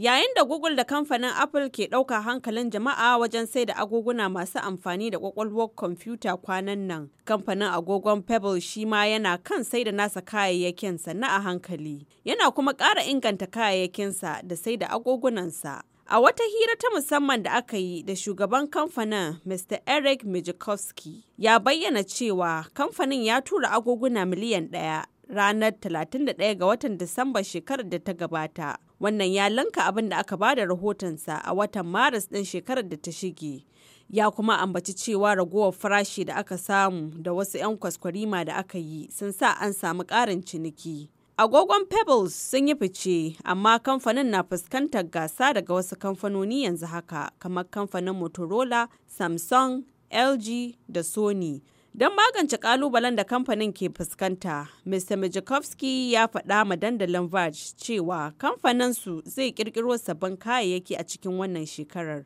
Yayin da Google da kamfanin Apple ke ɗauka hankalin jama'a wajen sai da agoguna masu amfani da ƙwaƙwalwar kwamfuta kwanan nan, kamfanin agogon Pebble shi ma yana kan sai da nasa kayayyakinsa na a hankali. Yana kuma ƙara inganta kayayyakinsa da sai da agogunansa. A wata hira ta musamman da aka yi da shugaban kamfanin Mr. Eric Mijikowski ya bayyana cewa kamfanin ya tura agoguna miliyan ɗaya ranar 31 ga watan Disamba shekarar da ta gabata. Wannan ya lanka abin da aka bada rahotonsa a watan Maris ɗin shekarar da ta shige. Ya kuma ambaci cewa ragowar farashi da aka samu da wasu 'yan kwaskwarima da aka yi sun sa an samu ƙarin ciniki. Agogon Pebbles sun yi fice, amma kamfanin na fuskantar gasa daga wasu kamfanoni yanzu haka, kamar kamfanin Motorola, Samsung, LG da Sony. Don magance kalubalen da kamfanin ke fuskanta, Mr. Majakowski ya faɗa ma dandalin Verge cewa kamfaninsu zai kirkiro sabbin kayayyaki a cikin wannan shekarar.